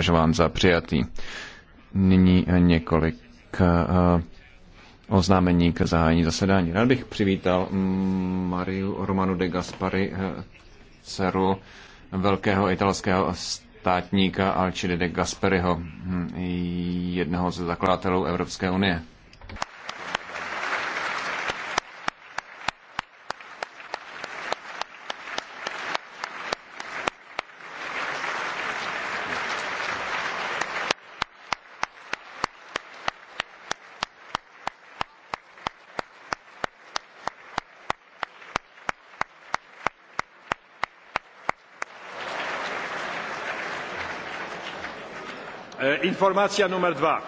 považován za přijatý. Nyní několik eh, oznámení k zahájení zasedání. Rád bych přivítal Mariu Romanu de Gaspari, eh, dceru velkého italského státníka Alcide de Gasperiho, hm, jednoho ze zakladatelů Evropské unie. Eh, informace numer dva.